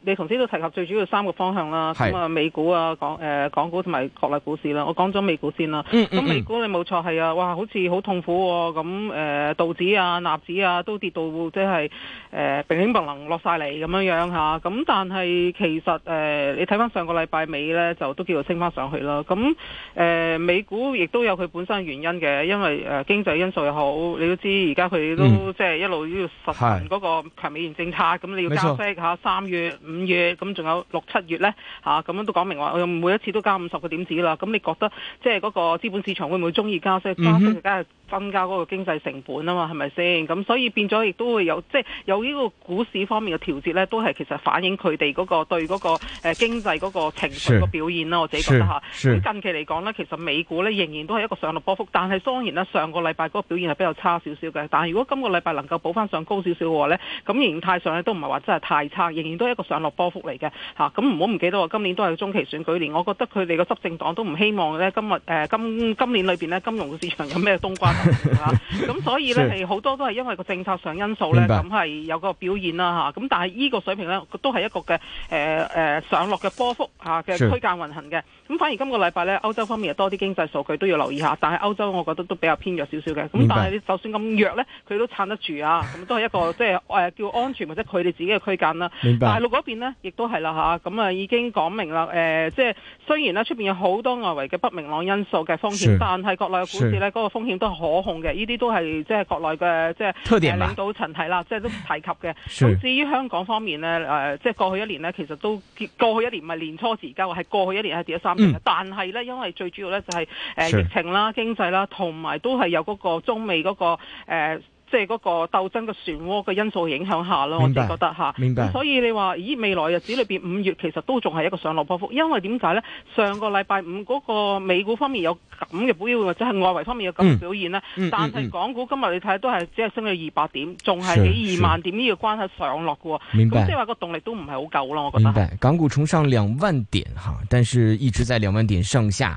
你頭先都提及最主要三個方向啦，咁啊是美股啊、呃，港股同埋國內股市啦。我講咗美股先啦，咁、嗯嗯、美股你冇錯係啊，哇好似好痛苦喎、哦，咁誒、呃、道指啊、納指啊都跌到即係誒乒乒乓落晒嚟咁樣樣嚇。咁、啊、但係其實誒、呃、你睇翻上個禮拜尾咧，就都叫做升翻上去啦。咁、啊、誒、呃、美股亦都有佢本身原因嘅，因為誒、呃、經濟因素又好，你都知而家佢都、嗯、即係一路要實行嗰個強美元政策，咁是你要加息一下，三月。五月咁仲有六七月咧，吓咁樣都講明話，我又每一次都加五十個點子啦。咁你覺得即係嗰個資本市場會唔會中意加息？加息梗係。增加嗰個經濟成本啊嘛，係咪先？咁所以變咗亦都會有，即係有呢個股市方面嘅調節咧，都係其實反映佢哋嗰個對嗰、嗰個誒、呃、經濟嗰個情緒嘅表現啦。我自己覺得嚇。近期嚟講呢，其實美股咧仍然都係一個上落波幅，但係當然啦，上個禮拜嗰個表現係比較差少少嘅。但係如果今個禮拜能夠補翻上高少少嘅話咧，咁形態上咧都唔係話真係太差，仍然都係一個上落波幅嚟嘅嚇。咁唔好唔記得喎，今年都係中期選舉年，我覺得佢哋個執政黨都唔希望咧今日誒、呃、今今年裏邊咧金融市場有咩冬瓜。咁 所以咧，係好是是多都係因為個政策上因素咧，咁係白有個表現啦、啊、吓。咁但係呢個水平咧，都係一個嘅誒誒上落嘅波幅吓嘅區間運行嘅。咁是反而今個禮拜咧，歐洲方面又多啲經濟數據都要留意下。但係歐洲我覺得都比較偏弱少少嘅。咁白但係就算咁弱咧，佢都撐得住啊。咁都係一個即係誒叫安全或者佢哋自己嘅區間啦、啊。大白陸嗰邊呢，亦都係啦吓。咁啊、嗯、已經講明啦。誒、呃，即係雖然呢，出邊有好多外圍嘅不明朗因素嘅風險，是但係國內嘅股市呢，嗰是個風險都好。可控嘅，呢啲都係即係國內嘅即係領導層睇啦，即係都提及嘅。至於香港方面呢，誒即係過去一年呢，其實都過去一年唔係年初時間，係過去一年係跌咗三年。嗯、但係呢，因為最主要呢，就係誒疫情啦、經濟啦，同埋都係有嗰個中美嗰、那個、呃即係嗰個鬥爭嘅漩渦嘅因素影響下咯，我哋覺得吓。明白。明白。所以你話，咦？未來日子裏邊五月其實都仲係一個上落波幅，因為點解咧？上個禮拜五嗰個美股方面有咁嘅表現，嗯、或者係外圍方面有咁嘅表現咧。嗯嗯嗯、但係港股今日你睇都係只係升咗二百點，仲係喺二萬點呢個關係上落嘅。明白。咁即係話個動力都唔係好夠咯，明白。我覺得。港股重上兩萬點哈，但係一直在兩萬點上下。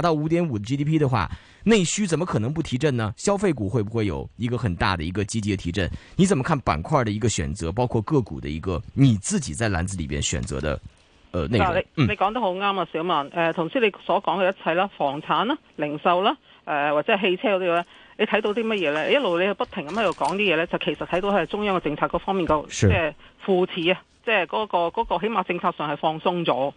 到五點五 GDP 的話，內需怎麼可能不提振呢？消費股會不會有一個很大的一個積極的提振？你怎麼看板塊的一個選擇，包括個股的一個你自己在籃子裏邊選擇的呃內你講、嗯、得好啱啊，小孟。誒、呃，同時你所講嘅一切啦，房產啦、啊，零售啦、啊，誒、呃，或者係汽車嗰啲咧，你睇到啲乜嘢呢？一路你不停咁喺度講啲嘢呢，就其實睇到係中央嘅政策嗰方面個即係扶持啊。即係嗰、那個嗰、那個、起碼政策上係放鬆咗，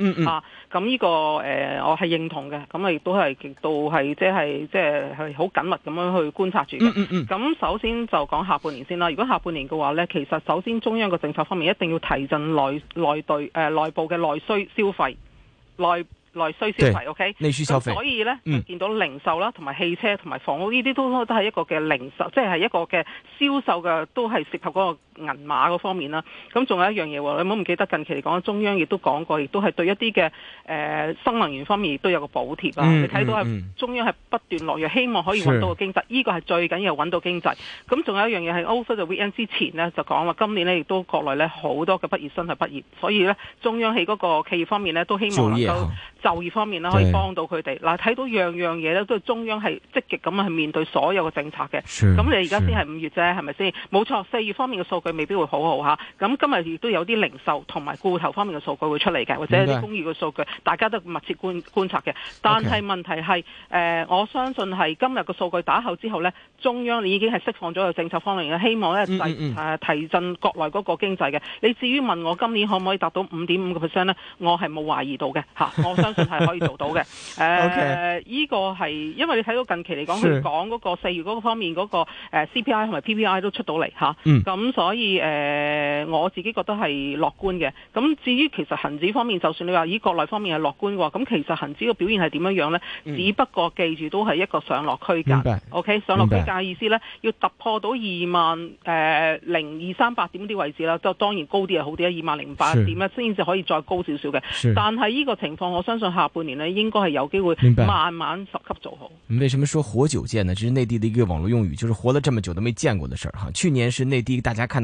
咁呢個誒、呃，我係認同嘅。咁啊，亦都係極度係即係即係係好緊密咁樣去觀察住嘅。咁、嗯嗯嗯、首先就講下半年先啦。如果下半年嘅話呢，其實首先中央嘅政策方面一定要提振內內對、呃、內部嘅內需消費，內內需消費。O、okay? K。內需消費，所以呢，嗯、就見到零售啦，同埋汽車同埋房屋呢啲都都係係一個嘅零售，即、就、係、是、一個嘅銷售嘅都係涉及嗰個。銀碼嗰方面啦，咁仲有一樣嘢，你唔好唔記得近期嚟講，中央亦都講過，亦都係對一啲嘅誒新能源方面亦都有個補貼啦。嗯、你睇到係、嗯、中央係不斷落藥，希望可以揾到個經濟，呢個係最緊要揾到經濟。咁仲有一樣嘢係 over the weekend 之前呢，就講話今年呢亦都國內呢好多嘅畢業生係畢業，所以呢，中央喺嗰個企業方面呢，都希望能夠就業方面呢，對可以幫到佢哋。嗱，睇到樣樣嘢呢，都係中央係積極咁去面對所有嘅政策嘅。咁是你而家先係五月啫，係咪先？冇錯，四月方面嘅數。佢未必會好好嚇，咁、啊、今日亦都有啲零售同埋固投方面嘅數據會出嚟嘅，或者有啲工業嘅數據，大家都密切觀觀察嘅。但係問題係，誒 Okay.、呃，我相信係今日個數據打後之後呢，中央已經係釋放咗個政策方面希望呢、嗯嗯提，呃、提振國內嗰個經濟嘅。你至於問我今年可唔可以達到五點五個 percent 呢？我係冇懷疑到嘅嚇、啊，我相信係可以做到嘅。誒，依個係因為你睇到近期嚟講，佢講嗰個四月嗰個方面嗰、那個、呃、CPI 同埋 PPI 都出到嚟嚇，咁、啊、所。嗯嗯所以誒、呃，我自己覺得係樂觀嘅。咁至於其實恒指方面，就算你話以國內方面係樂觀嘅話，咁其實恒指嘅表現係點樣樣呢？嗯、只不過記住都係一個上落區間。白 OK，上落區間嘅意思呢，白要突破到二萬誒零二三百點啲位置啦。就當然高啲係好啲二萬零五百點先至是可以再高少少嘅。是但係呢個情況，我相信下半年呢應該係有機會慢慢十級做好。為什麼說活久見呢？這是內地嘅一個網絡用語，就是活了這麼久都沒見過嘅事。去年是內地大家看。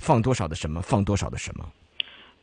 放多少的什麼？放多少的什麼？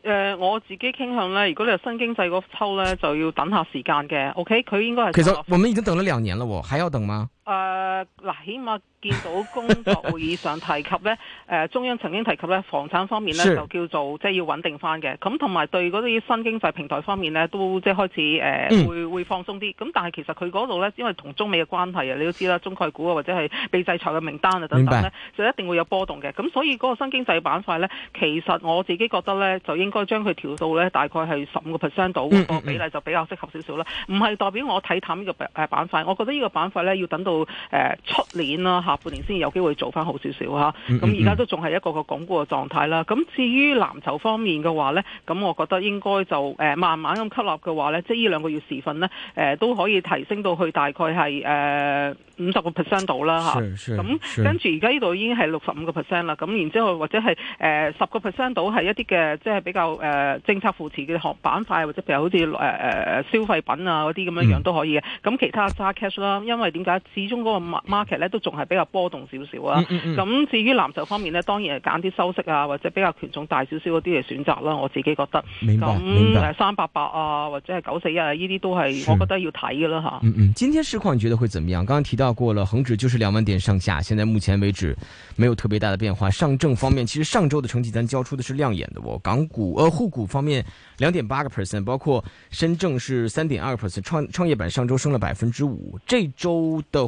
誒、呃，我自己傾向咧，如果你係新經濟嗰抽咧，就要等下時間嘅。OK，佢應該係。其實我們已經等了兩年了，我還要等嗎？誒嗱，起碼見到工作會議上提及咧，誒、 呃、中央曾經提及咧，房產方面咧是就叫做即係、就是、要穩定翻嘅。咁同埋對嗰啲新經濟平台方面咧，都即係開始誒、呃嗯、會會放鬆啲。咁但係其實佢嗰度咧，因為同中美嘅關係啊，你都知啦，中概股啊或者係被制裁嘅名單啊等等咧，白就一定會有波動嘅。咁所以嗰個新經濟板塊咧，其實我自己覺得咧，就應該將佢調到咧大概係十五個 percent 度個比例就比較適合少少啦。唔係代表我睇淡呢個板塊，我覺得呢個板塊咧要等到。誒，出年啦，下半年先有機會做翻好少少吓。咁而家都仲係一個個鞏固嘅狀態啦。咁至於藍籌方面嘅話呢，咁我覺得應該就慢慢咁吸納嘅話呢，即係呢兩個月時份呢，都可以提升到去大概係誒五十個 percent 度啦吓，咁跟住而家呢度已經係六十五個 percent 啦。咁然之後或者係誒十個 percent 度係一啲嘅即係比較誒政策扶持嘅學板塊，或者譬如好似誒消費品啊嗰啲咁樣樣都可以嘅。咁、嗯、其他揸 cash 啦，因為點解其中嗰個 market 呢都仲係比較波動少少啊，咁、嗯嗯、至於藍籌方面呢，當然係揀啲收息啊或者比較權重大少少嗰啲嚟選擇啦。我自己覺得，咁係三八八啊或者係九四一啊呢啲都係我覺得要睇嘅啦吓，嗯嗯，今天市況你覺得會怎麼樣？剛剛提到過了，恒指就是兩萬點上下，現在目前為止沒有特別大的變化。上證方面，其實上週的成績單交出的是亮眼的喎、哦，港股呃滬股方面兩點八個 percent，包括深圳是，是三點二個 percent，創創業板上週升了百分之五，這周的。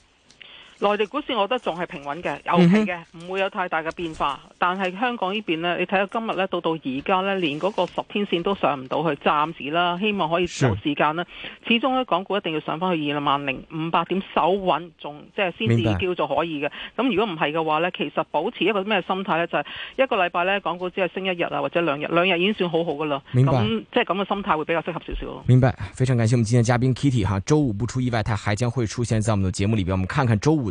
內地股市我覺得仲係平穩嘅，牛皮嘅，唔會有太大嘅變化。嗯、哼但係香港呢邊呢，你睇下今日呢，到到而家呢，連嗰個十天線都上唔到去，暫時啦，希望可以有時間啦。是始終呢，港股一定要上翻去二萬零五百點守穩，仲即係先至叫做可以嘅。咁白如果唔係嘅話呢，其實保持一個咩心態呢？就係、是、一個禮拜呢，港股只係升一日啊，或者兩日，兩日已經算好好噶啦。咁白即係咁嘅心態會比較適合少少。明白，非常感謝我們今天嘉賓 Kitty 哈，周五不出意外，他還將會出現在我們的節目裏邊，我們看看周五。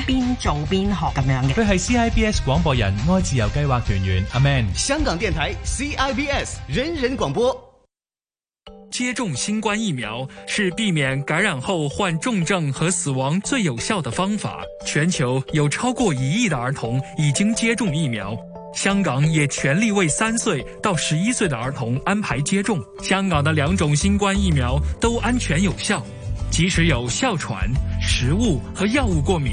邊做邊學咁樣嘅，佢係 CIBS 廣播人愛自由計劃團員 Aman，香港電台 CIBS 人人廣播。接種新冠疫苗是避免感染後患重症和死亡最有效的方法。全球有超過一億的兒童已經接種疫苗，香港也全力為三歲到十一歲的兒童安排接種。香港的兩種新冠疫苗都安全有效，即使有哮喘、食物和藥物過敏。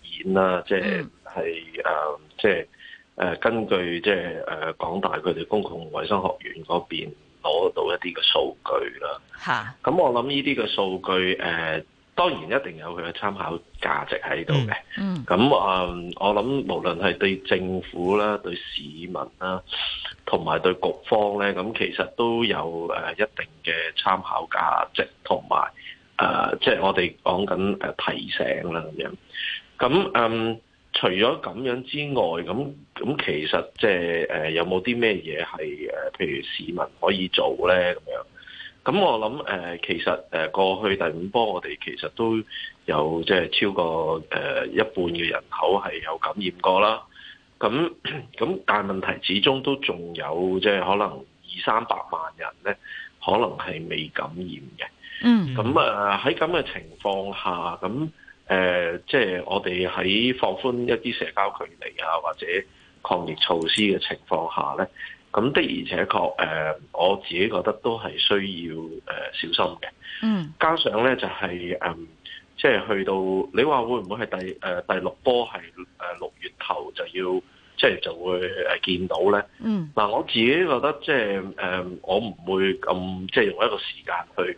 啦，即係誒，即係誒，根據即係誒，港大佢哋公共衛生學院嗰邊攞到一啲嘅數據啦。吓哈，咁我諗呢啲嘅數據誒、呃，當然一定有佢嘅參考價值喺度嘅。嗯，咁、呃、我諗無論係對政府啦、對市民啦，同埋對局方咧，咁其實都有誒一定嘅參考價值，同埋誒，即、呃、係、就是、我哋講緊誒提醒啦咁樣。咁嗯，除咗咁樣之外，咁咁其實即係、呃、有冇啲咩嘢係誒，譬如市民可以做咧咁樣？咁我諗誒、呃，其實誒、呃、過去第五波，我哋其實都有即係超過誒、呃、一半嘅人口係有感染過啦。咁咁，但係問題始終都仲有即係可能二三百萬人咧，可能係未感染嘅。嗯。咁啊，喺咁嘅情況下，咁。誒，即係、呃就是、我哋喺放寬一啲社交距離啊，或者抗疫措施嘅情況下咧，咁的而且確誒、呃，我自己覺得都係需要誒、呃、小心嘅。嗯，加上咧就係、是、誒，即、呃、係、就是、去到你話會唔會係第、呃、第六波係六月頭就要，即、就、係、是、就會見到咧。嗯、呃，嗱我自己覺得即係誒，我唔會咁即係用一個時間去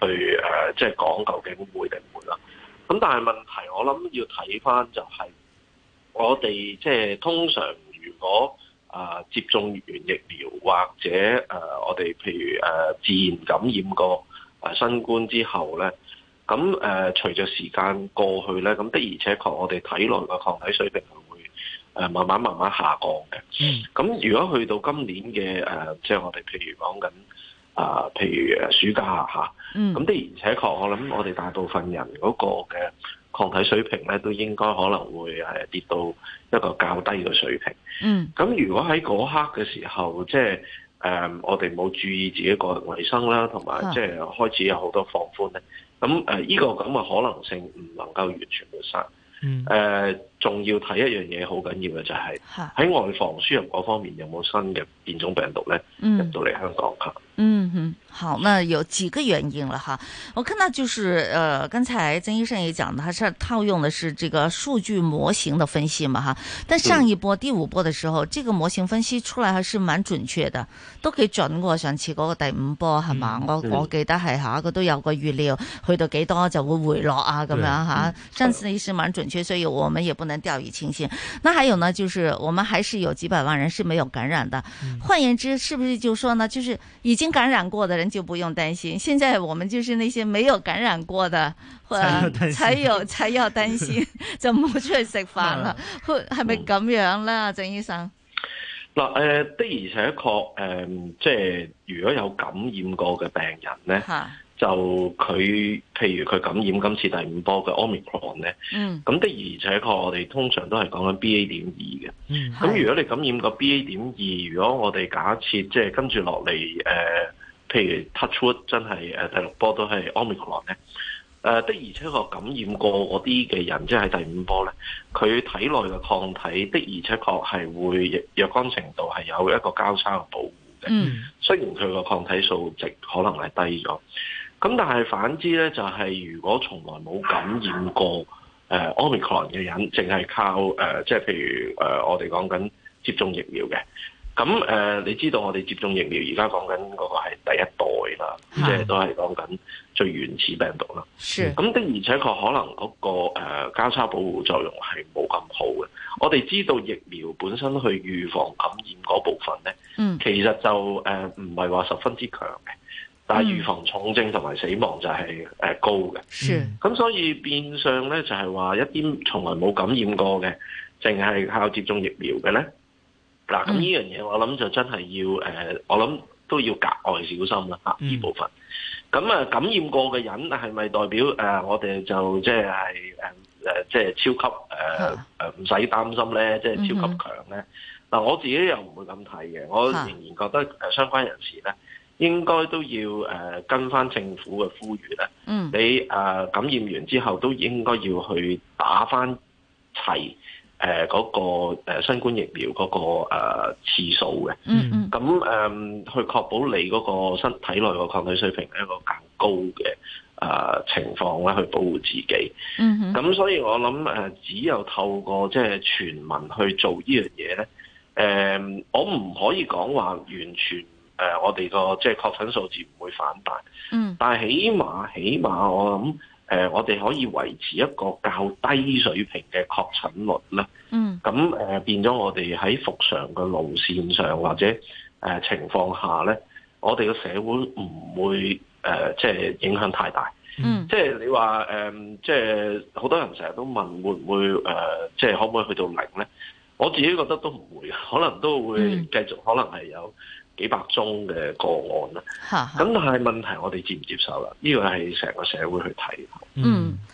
去誒，即、呃、係、就是、講究竟會定唔會啦。咁但係問題，我諗要睇返就係，我哋即係通常如果誒接種完疫苗，或者誒我哋譬如誒自然感染過誒新冠之後咧，咁誒隨着時間過去咧，咁的而且確我哋體內嘅抗體水平係會誒慢慢慢慢下降嘅。咁如果去到今年嘅誒，即係我哋譬如講緊。啊，譬如暑假下，咁、啊嗯、的而且確，我諗我哋大部分人嗰個嘅抗體水平咧，都應該可能會係、呃、跌到一個較低嘅水平。嗯，咁如果喺嗰刻嘅時候，即係誒、呃、我哋冇注意自己個人衛生啦，同埋即係開始有好多放寬咧，咁呢依個咁嘅可能性唔能夠完全抹殺。嗯，啊仲要睇一樣嘢好緊要嘅就係、是、喺外防輸入嗰方面有冇新嘅變種病毒咧、嗯、入到嚟香港，嗯哼，好。那有幾個原因啦，哈。我看到就是，呃，剛才曾醫生也講，他是套用嘅是這個數據模型嘅分析嘛，哈。但上一波對第五波嘅時候，這個模型分析出來係是蠻準確嘅，都幾準喎。上次嗰個第五波係嘛、嗯，我、嗯、我記得係嚇，佢都有個預料，去到幾多就會回落啊咁對樣嚇。真係是蠻準確，所以我們也不能掉以輕心，那還有呢？就是我們還是有幾百萬人是沒有感染的。嗯、換言之，是不是就說呢？就是已經感染過的人就不用擔心。現在我們就是那些沒有感染過的，才有才要擔心，就唔出去食飯了，或係咪咁樣呢？曾醫生，嗱、嗯，誒、呃、的而且確，誒、呃，即係如果有感染過嘅病人咧。就佢，譬如佢感染今次第五波嘅 Omicron 咧，咁、嗯、的而且確，我哋通常都係講緊 B A. 點二嘅。咁、嗯、如果你感染個 B A. 點二，如果我哋假設即係跟住落嚟，誒、呃，譬如 touchwood 真係誒、呃、第六波都係 Omicron 咧，誒、呃、的而且確感染過我啲嘅人，即係第五波咧，佢體內嘅抗體的而且確係會若干程度係有一個交叉嘅保護嘅。嗯、雖然佢個抗體數值可能係低咗。咁但係反之咧，就係、是、如果從來冇感染過、呃、Omicron 嘅人，淨係靠誒，即、呃、係、就是、譬如誒、呃，我哋講緊接種疫苗嘅。咁、嗯、誒、呃，你知道我哋接種疫苗而家講緊嗰個係第一代啦，即、就、係、是、都係講緊最原始病毒啦。咁是、嗯、的而且確可能嗰、那個、呃、交叉保護作用係冇咁好嘅。我哋知道疫苗本身去預防感染嗰部分咧，其實就誒唔係話十分之強嘅，但係預防重症同埋死亡就係誒高嘅，咁、嗯、所以變相咧就係話一啲從來冇感染過嘅，淨係靠接種疫苗嘅咧，嗱，咁呢樣嘢我諗就真係要誒、嗯呃，我諗都要格外小心啦吓，呢、嗯、部分。咁啊感染過嘅人係咪代表誒、呃、我哋就即係誒誒即係超級誒誒唔使擔心咧，即、就、係、是、超級強咧？嗱、嗯哼，我自己又唔會咁睇嘅，我仍然覺得誒相關人士咧。應該都要誒跟翻政府嘅呼籲咧，嗯、你誒感染完之後都應該要去打翻齊誒嗰個新冠疫苗嗰個次數嘅。咁誒、嗯嗯、去確保你嗰個身體內個抗體水平係一個更高嘅誒情況咧，去保護自己。咁、嗯嗯、所以我諗誒，只有透過即係全民去做呢樣嘢咧，誒、嗯、我唔可以講話完全。誒、呃，我哋個即係確診數字唔會反彈，嗯，但係起碼起碼我諗，誒、呃，我哋可以維持一個較低水平嘅確診率呢，嗯，咁、呃、變咗我哋喺復常嘅路線上或者誒、呃、情況下咧，我哋嘅社會唔會誒即係影響太大，嗯，即係你話誒，即係好多人成日都問會唔會誒，即、呃、係、就是、可唔可以去到零咧？我自己覺得都唔會，可能都會繼續，嗯、可能係有。幾百宗嘅個案啦，吓咁 但係問題我哋接唔接受啦？呢個係成個社會去睇。嗯。.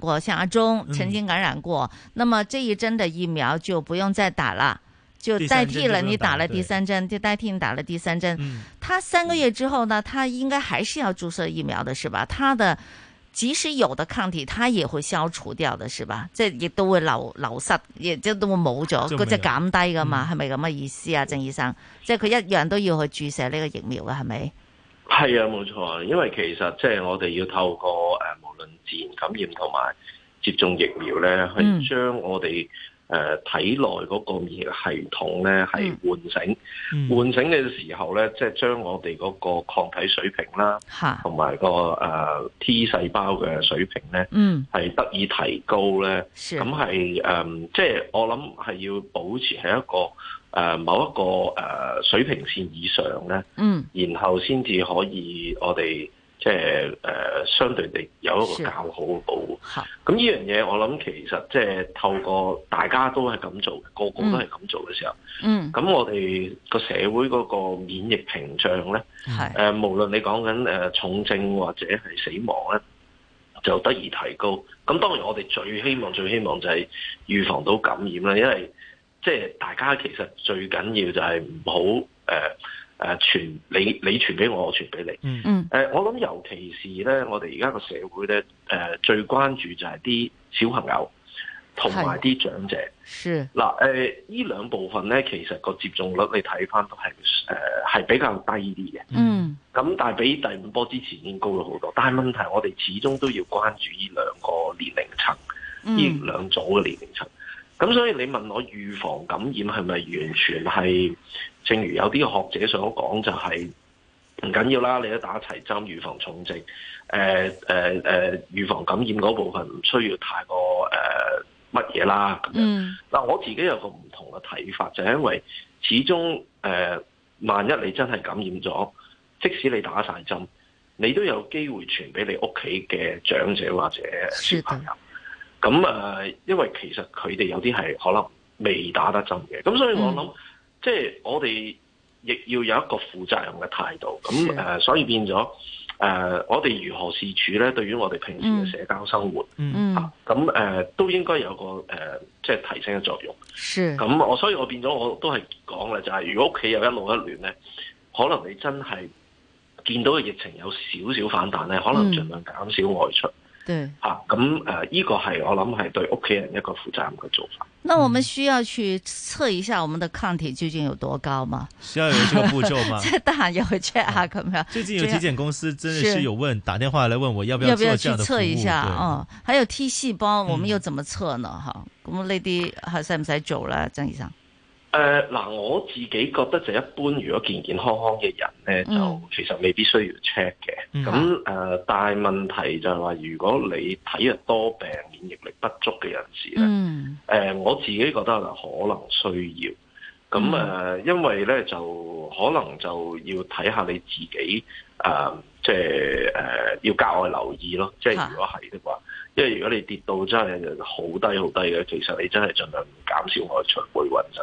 過，像阿鍾曾經感染過，嗯、那麼這一針的疫苗就不用再打了，就代替了你打了第三針，三針就，就代替你打了第三針。嗯、他三個月之後呢，他應該還是要注射疫苗的，是吧？他的即使有的抗體，他也會消除掉的，是吧？即係亦都會流流失，亦即都會冇咗，嗰只減低噶嘛，係咪咁嘅意思啊，曾醫生？即係佢一樣都要去注射呢個疫苗噶，係咪？係啊，冇錯，因為其實即係我哋要透過誒，無論自然感染同埋接種疫苗咧，去將、嗯、我哋誒體內嗰個免疫系統咧係喚醒，喚醒嘅時候咧，即係將我哋嗰個抗體水平啦，同埋哈個誒 T 細胞嘅水平咧，係、嗯、得以提高咧，咁係誒，即係、嗯即係、我諗係要保持係一個。誒、呃、某一個誒、呃、水平線以上咧，嗯，然後先至可以我哋即係誒相對地有一個較好嘅保護。咁呢樣嘢我諗其實即係透過大家都係咁做，個個都係咁做嘅時候，嗯，咁我哋個社會嗰個免疫屏障咧，係誒是、呃、無論你講緊重症或者係死亡咧，就得以提高。咁當然我哋最希望、最希望就係預防到感染啦，因為。即係大家其實最緊要就係唔好誒誒傳你你傳俾我我傳俾你，誒我諗、嗯呃、尤其是咧我哋而家個社會咧誒、呃、最關注就係啲小朋友同埋啲長者，嗱誒呢兩部分咧其實個接種率你睇翻都係誒係比較低啲嘅，咁、嗯、但係比第五波之前已經高咗好多，但係問題我哋始終都要關注呢兩個年齡層，呢、嗯、兩組嘅年齡層。咁所以你問我預防感染係咪完全係，正如有啲學者所講就係唔緊要啦，你都打齊針預防重症，誒誒誒預防感染嗰部分唔需要太過誒乜嘢啦。咁樣。嗯。嗱我自己有個唔同嘅睇法，就係、是、因為始終誒、呃，萬一你真係感染咗，即使你打晒針，你都有機會傳俾你屋企嘅長者或者小朋友。咁誒，因為其實佢哋有啲係可能未打得針嘅，咁所以我諗，mm. 即係我哋亦要有一個負責任嘅態度。咁誒是、呃，所以變咗誒、呃，我哋如何自處咧，對於我哋平時嘅社交生活，嗯、mm. 啊，吓，咁、呃、誒都應該有個誒、呃，即係提升嘅作用。咁是我所以我變咗我都係講咧，就係、是、如果屋企有一老一嫩咧，可能你真係見到嘅疫情有少少反彈咧，可能盡量減少外出。Mm. 對，咁誒、啊，依、呃這個係我諗係對屋企人一個負責任嘅做法。那我們需要去測一下我們的抗體究竟有多高嗎？需要有呢個步驟嗎？即係大行也會 check 下咁樣。最近有體檢公司真係是有問， 打電話嚟問我要不要做這樣的服務，要不要去測一下，嗯對、哦，還有 T 細胞，我們又怎麼測呢？哈、嗯，咁你啲係使唔使做啦張醫生？誒嗱、呃，我自己覺得就一般，如果健健康康嘅人咧，就其實未必需要 check 嘅。咁誒、嗯，那呃、但係問題就係話，如果你體弱多病、免疫力不足嘅人士咧，誒、嗯呃，我自己覺得可能需要。咁、嗯、誒、嗯呃，因為咧就可能就要睇下你自己誒、呃，即係誒、呃、要格外留意咯。即係如果係的話，因為如果你跌到真係好低好低嘅，其實你真係盡量減少外出，會穩陣。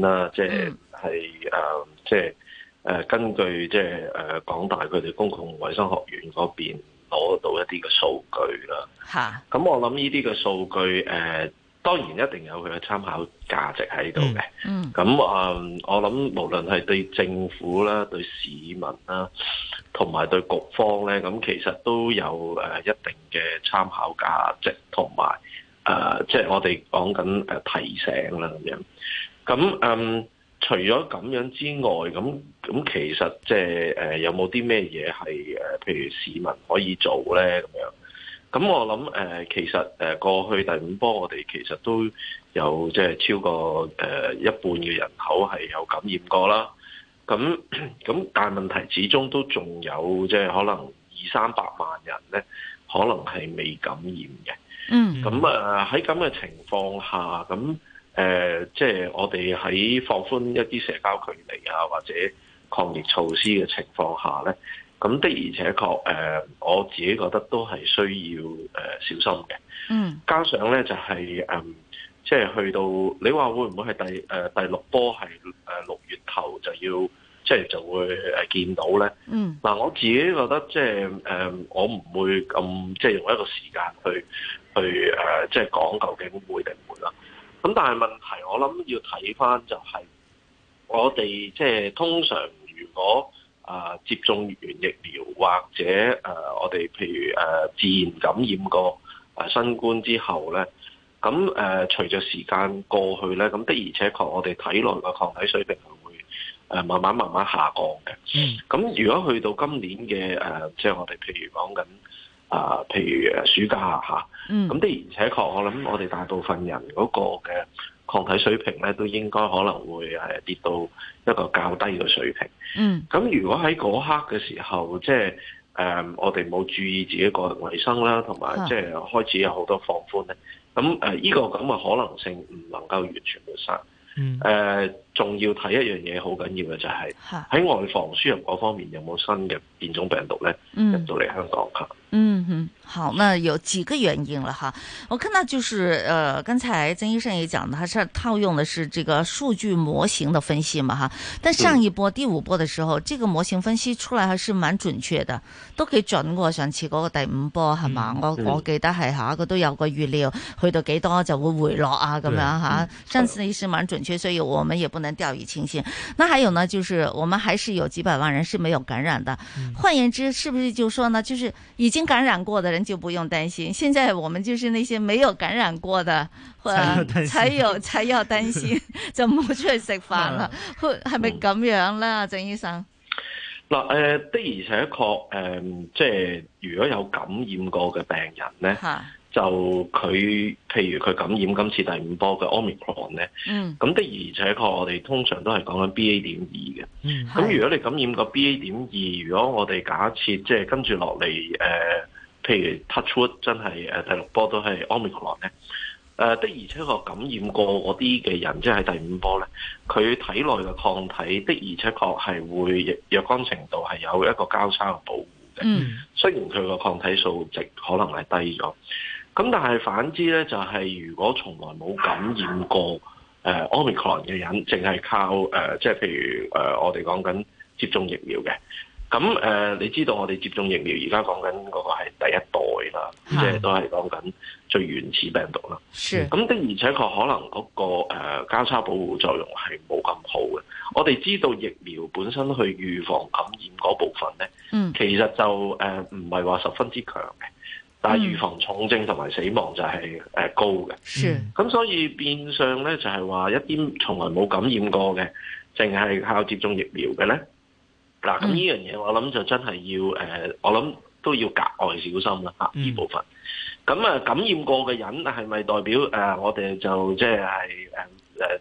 啦，即係即係誒，根據即係誒港大佢哋公共衛生學院嗰邊攞到一啲嘅數據啦。咁哈我諗呢啲嘅數據誒、呃，當然一定有佢嘅參考價值喺度嘅。嗯。咁誒、呃，我諗無論係對政府啦、對市民啦，同埋對局方咧，咁其實都有誒、呃、一定嘅參考價值，同埋誒即係我哋講緊、呃、提醒啦咁樣咁嗯，除咗咁樣之外，咁咁其實即係誒，有冇啲咩嘢係誒，譬如市民可以做咧咁樣？咁我諗誒、呃，其實誒、呃、過去第五波我哋其實都有即係、呃、超過誒、呃、一半嘅人口係有感染過啦。咁咁但係問題始終都仲有即係、呃、可能二三百萬人咧，可能係未感染嘅。嗯。咁啊喺咁嘅情況下咁。呃誒，即係、呃就是、我哋喺放寬一啲社交距離啊，或者抗疫措施嘅情況下咧，咁的而且確、呃、我自己覺得都係需要誒、呃、小心嘅。嗯，加上咧就係、是、誒，即、呃、係、就是、去到你話會唔會係第、呃、第六波係六月頭就要，即、就、係、是、就會誒見到咧。嗯、呃，嗱我自己覺得即係誒，我唔會咁即係用一個時間去去誒，即、呃、係、就是、講究竟會定唔會啦。咁但係問題，我諗要睇返就係我哋即係通常，如果誒接種完疫苗或者誒我哋譬如誒自然感染過誒新冠之後咧，咁誒隨著時間過去咧，咁的而且確我哋體內嘅抗體水平係會慢慢慢慢下降嘅。咁如果去到今年嘅誒，即係我哋譬如講緊，啊，譬如誒暑假啊嚇，咁的而且確，我諗我哋大部分人嗰個嘅抗體水平咧，都應該可能會係跌到一個較低嘅水平。嗯，咁如果喺嗰刻嘅時候，即係誒我哋冇注意自己個人衞生啦，同埋即係開始有好多放寬咧，咁誒呢個咁嘅可能性唔能夠完全抹殺。嗯，啊仲要睇一樣嘢好緊要嘅，就係吓，喺外防輸入嗰方面，有冇新嘅變種病毒咧入到嚟香港？嗯哼，好，那有幾個原因啦哈。我看到就是，呃，剛才曾醫生也講的，佢係套用嘅是這個數據模型嘅分析嘛哈。但上一波對第五波嘅時候，這個模型分析出來係是蠻準確嘅，都幾準喎。上次嗰個第五波係嘛？嗯、我我記得係嚇，佢都有個預料，去到幾多就會回落啊咁對樣嚇。真係蠻準確，所以我乜嘢本？能掉以輕心，那還有呢？就是我們還是有幾百萬人是沒有感染的。換言之，是不是就是說呢？就是已經感染過的人就不用擔心。現在我們就是那些沒有感染過的，才要擔才，有才要才要擔心， 就唔出去食飯了，或係咪咁樣啦，曾醫生？嗱、嗯，誒、呃、的而且確，誒、呃，即係如果有感染過嘅病人咧。就佢，譬如佢感染今次第五波嘅 Omicron 咧，咁、嗯、的而且確，我哋通常都係講緊 BA.2 嘅。咁、嗯、如果你感染個 BA.2，如果我哋假設即係、就是、跟住落嚟，誒、呃，譬如 touch wood 真係第六波都係 Omicron 咧，誒、呃、的而且確感染過嗰啲嘅人，即、就、係、是、第五波咧，佢體內嘅抗體的而且確係會若干程度係有一個交叉嘅保護嘅。嗯、雖然佢個抗體數值可能係低咗。咁但係反之咧，就係、是、如果從來冇感染過、啊呃、Omicron 嘅人，淨係靠誒，即、呃、係、就是、譬如誒、呃，我哋講緊接種疫苗嘅。咁、嗯、誒、呃，你知道我哋接種疫苗而家講緊嗰個係第一代啦，即、就、係、是、都係講緊最原始病毒啦。咁是、嗯、的而且確可能嗰、那個、呃、交叉保護作用係冇咁好嘅。我哋知道疫苗本身去預防感染嗰部分咧，其實就誒唔係話十分之強嘅。但係預防重症同埋死亡就係誒高嘅，咁、嗯、所以變相咧就係話一啲從來冇感染過嘅，淨係靠接種疫苗嘅咧，嗱咁呢樣嘢我諗就真係要誒、嗯呃，我諗都要格外小心啦嚇呢部分。咁啊感染過嘅人係咪代表誒、呃、我哋就即係誒誒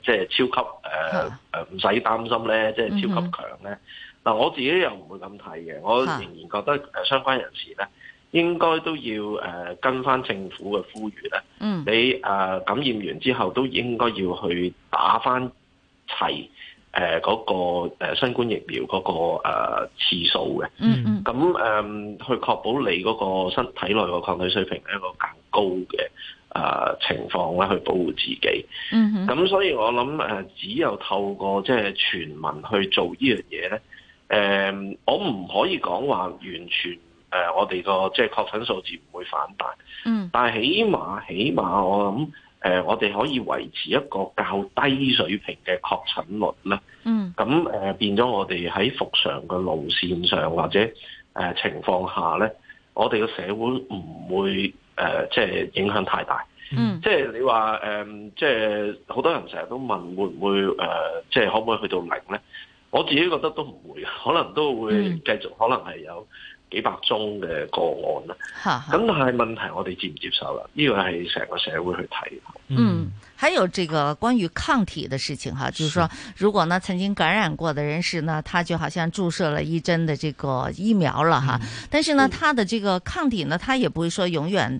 即係超級誒誒唔使擔心咧？即、就、係、係、超級強咧？嗱、嗯啊、我自己又唔會咁睇嘅，我仍然覺得、呃啊、相關人士咧。應該都要誒、呃、跟翻政府嘅呼籲咧，嗯、你誒、呃、感染完之後都應該要去打翻齊誒嗰、呃那個、呃、新冠疫苗嗰、那個、呃、次數嘅。嗯嗯。咁誒、呃、去確保你嗰個身體內個抗體水平係一個更高嘅誒、呃、情況咧，去保護自己。嗯哼。咁所以我諗、呃、只有透過即係全民去做呢樣嘢咧，誒、呃、我唔可以講話完全。誒、呃，我哋個即係確診數字唔會反彈，嗯，但係起碼起碼我諗，誒、呃，我哋可以維持一個較低水平嘅確診率呢，嗯，咁、呃、變咗我哋喺復常嘅路線上或者、呃、情況下咧，我哋嘅社會唔會誒即係影響太大，嗯，即係你話誒，即係好多人成日都問會唔會誒，即、呃、係、就是、可唔可以去到零咧？我自己覺得都唔會，可能都會繼續，嗯、可能係有。幾百宗嘅個案啦，咁但係問題，我哋接唔接受啦？呢個係成個社會去睇。嗯，還有這個關於抗體嘅事情哈，就是說，如果呢曾經感染過嘅人士呢，他就好像注射了一針的這個疫苗了哈，嗯，但是呢，他的這個抗體呢，他也不會說永遠。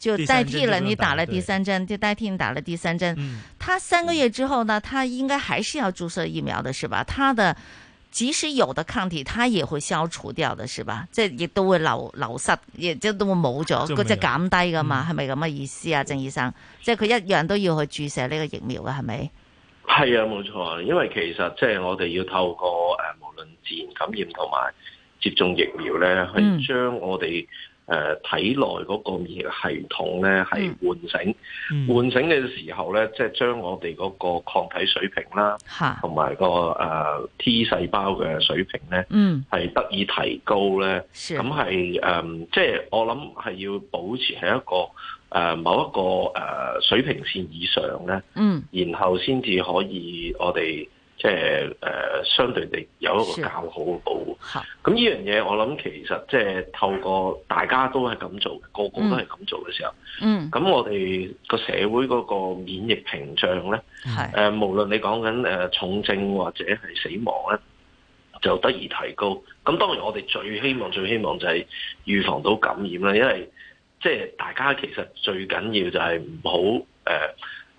就代替了你打了第三針，就代替你打了第三針。嗯、他三個月之後呢，他應該還是要注射疫苗的，是吧？他的即使有的抗體，他也會消除掉的，是吧？即係亦都會流流失，亦都會冇咗，佢就減低噶嘛？係咪咁嘅意思啊，曾醫生？即係佢一樣都要去注射呢個疫苗啊？係咪？係啊，冇錯。因為其實即係我哋要透過無論自然感染同埋接種疫苗呢，嗯、去將我哋。誒、呃、體內嗰個免疫系統咧係喚醒，喚醒嘅時候咧，即係將我哋嗰個抗體水平啦，同埋哈、個誒、呃、T 細胞嘅水平咧，係、嗯、得以提高咧。咁係誒，即係、呃就是、我諗係要保持喺一個誒、呃、某一個誒、呃、水平線以上咧，嗯、然後先至可以我哋。即係誒，相對地有一個較好嘅保護。咁呢樣嘢，我諗其實即係透過大家都係咁做，是個個都係咁做嘅時候，咁、嗯、我哋個社會嗰個免疫屏障咧，誒是、呃，無論你講緊誒重症或者係死亡咧，就得以提高。咁當然我哋最希望、最希望就係預防到感染啦，因為即係大家其實最緊要就係唔好誒。呃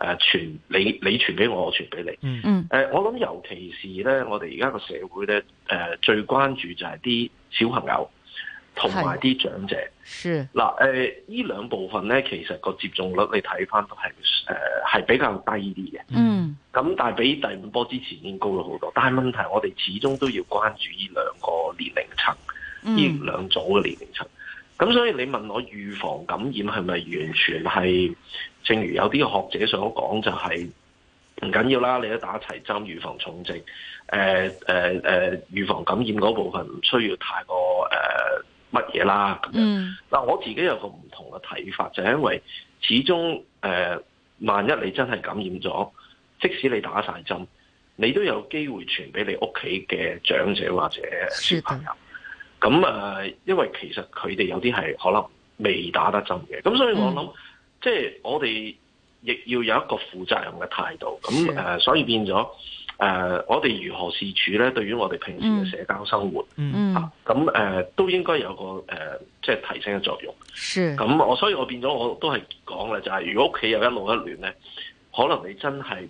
誒，傳、呃、你你傳俾我，我傳俾你。嗯嗯。呃、我諗尤其是咧，我哋而家個社會咧，誒、呃、最關注就係啲小朋友同埋啲長者。是。嗱誒，呢兩、呃呃、部分咧，其實個接種率你睇翻都係誒係比較低啲嘅。嗯。咁但係比第五波之前已經高咗好多，但係問題我哋始終都要關注呢兩個年齡層，呢兩、嗯、組嘅年齡層。咁所以你問我預防感染係咪完全係？正如有啲學者想講，就係唔緊要啦，你都打齊針預防重症，誒誒誒，預防感染嗰部分唔需要太過誒乜嘢啦。咁樣嗱，嗯、但我自己有個唔同嘅睇法，就係、是、因為始終誒、呃，萬一你真係感染咗，即使你打晒針，你都有機會傳俾你屋企嘅長者或者小朋友。咁誒、呃，因為其實佢哋有啲係可能未打得針嘅，咁所以我諗。嗯即係我哋亦要有一個負責任嘅態度，咁誒是、呃，所以變咗誒、呃，我哋如何是處咧？對於我哋平時嘅社交生活，吓咁誒，都應該有個誒、呃，即係提升嘅作用。咁我是所以我變咗我都係講啦，就係、是、如果屋企有一老一嫩咧，可能你真係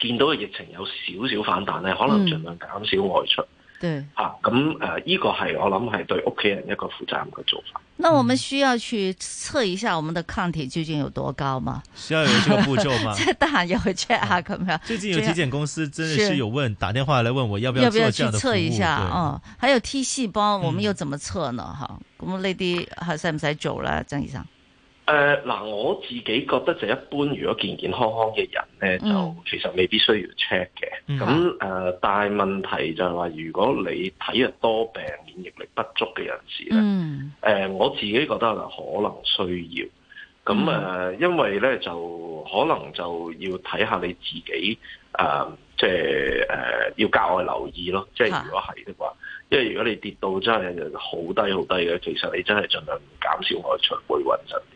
見到嘅疫情有少少反彈咧，可能盡量減少外出。嗯對，吓咁誒，依、呃這個係我諗係對屋企人一個負責任嘅做法。那我們需要去測一下我們的抗體究竟有多高嗎？需要有呢個步驟嗎？ 這當然要 check 下咁樣。最近有體檢公司真係是有問是打電話嚟問我要不要做這樣的服務。嗯，還有 T 細胞，我們又怎麼測呢？哈，咁呢啲係使唔使走咧，曾醫生？誒嗱、呃，我自己覺得就一般，如果健健康康嘅人咧，就其實未必需要 check 嘅。咁誒、嗯，那呃、但係問題就係、是、話，如果你體弱多病、免疫力不足嘅人士咧，誒、嗯呃，我自己覺得可能需要。咁、嗯、誒、嗯呃，因為咧就可能就要睇下你自己，誒、呃，即係誒、呃、要格外留意咯。即係如果係的話，因為如果你跌到真係好低好低嘅，其實你真係盡量減少外出，會穩陣啲。